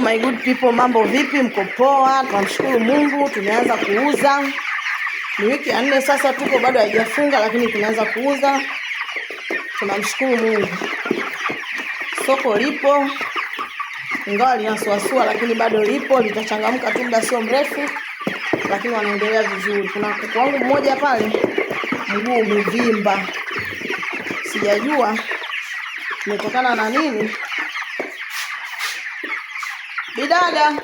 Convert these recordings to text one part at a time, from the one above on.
my good people, mambo vipi? Mko poa? Tunamshukuru Mungu, tumeanza kuuza. Ni wiki ya nne sasa, tuko bado haijafunga, lakini tumeanza kuuza. Tunamshukuru Mungu, soko lipo, ingawa linasuasua, lakini bado lipo, litachangamka tu muda sio mrefu, lakini wanaendelea vizuri. Kuna kuku wangu mmoja pale, mguu umevimba, sijajua imetokana na nini Bidada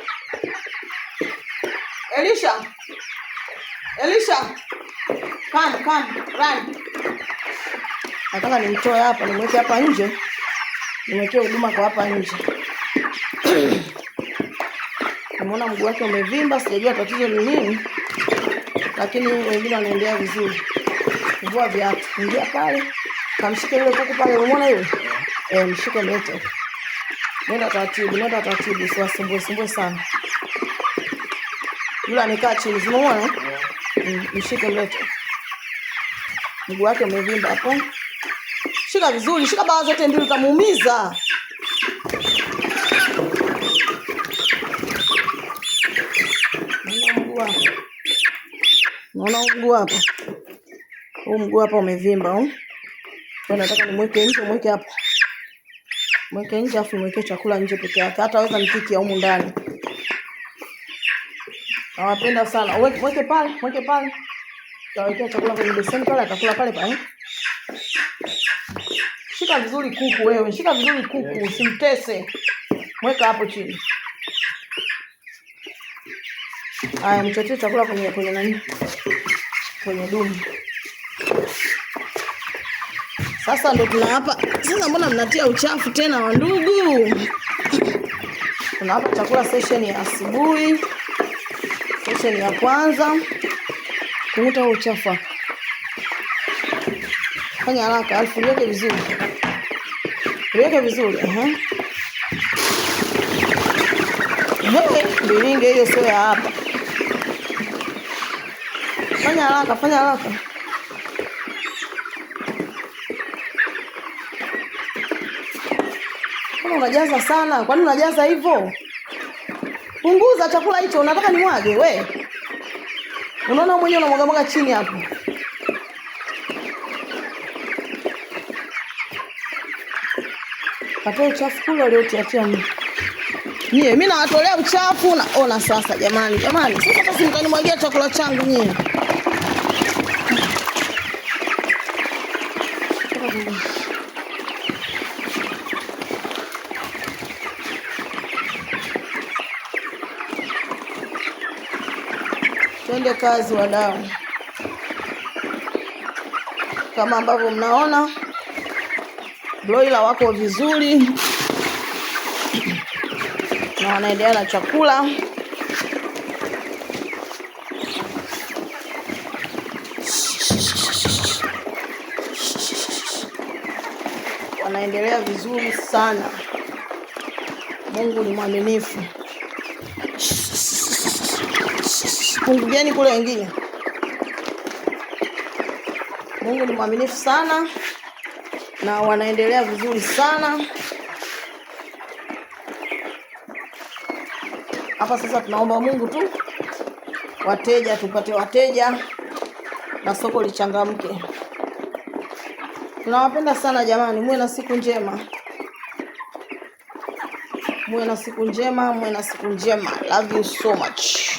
Elisha, Elisha, come come, run. Nataka nimtoe hapa, nimweke hapa nje, nimwekee huduma kwa hapa nje. Nimeona mguu wake umevimba, sijajua tatizo ni nini, lakini wengine wanaendea vizuri. Vua viatu, ingia pale, kamshike yule kuku pale, umeona yule eh, mshike mlete Nenda taratibu, nenda taratibu, usiwasumbue sumbue sana. Yule amekaa chini, umeona? Mm, mshike mlete. Mguu wake umevimba hapo. Shika vizuri, shika bawa zote mbili utamuumiza. Naona mguu hapa. Huu mguu hapa umevimba, au? Nataka nimweke nje, mweke hapo mweke nje, afu mweke chakula nje peke yake, hata weka mtiki humu ndani. Nawapenda sana. Weke weke pale, weke pale. Tawekea chakula kwenye beseni pale, atakula pale pale. Eh? Shika vizuri kuku wewe, shika vizuri kuku, usimtese. Mweka hapo chini. Aya, mchotie chakula kwenye kwenye nani? Kwenye dumu. Sasa ndo hapa. Sasa mbona mnatia uchafu tena wa ndugu? hapa chakula session ya asubuhi, session ya kwanza. Kumuta huo uchafu, fanya haraka, alafu liweke vizuri, liweke vizuri. Biringe hiyo sio ya hapa. Fanya haraka, fanya haraka. Kama unajaza sana, kwani unajaza hivyo? Punguza chakula hicho, unataka nimwage we? Unaona mwenyewe unamwaga mwaga chini hapo. Katoa uchafu kule waliotiachia mimi. Nyie, mimi nawatolea uchafu naona sasa jamani, jamani. Sasa basi mtanimwagia chakula changu nyie. Twende kazi wadau, kama ambavyo mnaona broiler wako vizuri na wanaendelea na chakula. Wanaendelea vizuri sana. Mungu ni mwaminifu. Mungu gani kule wengine. Mungu ni mwaminifu sana na wanaendelea vizuri sana. Hapa sasa tunaomba Mungu tu wateja, tupate wateja na soko lichangamke. Tunawapenda sana jamani, muwe na siku njema, muwe na siku njema, muwe na siku njema. Love you so much.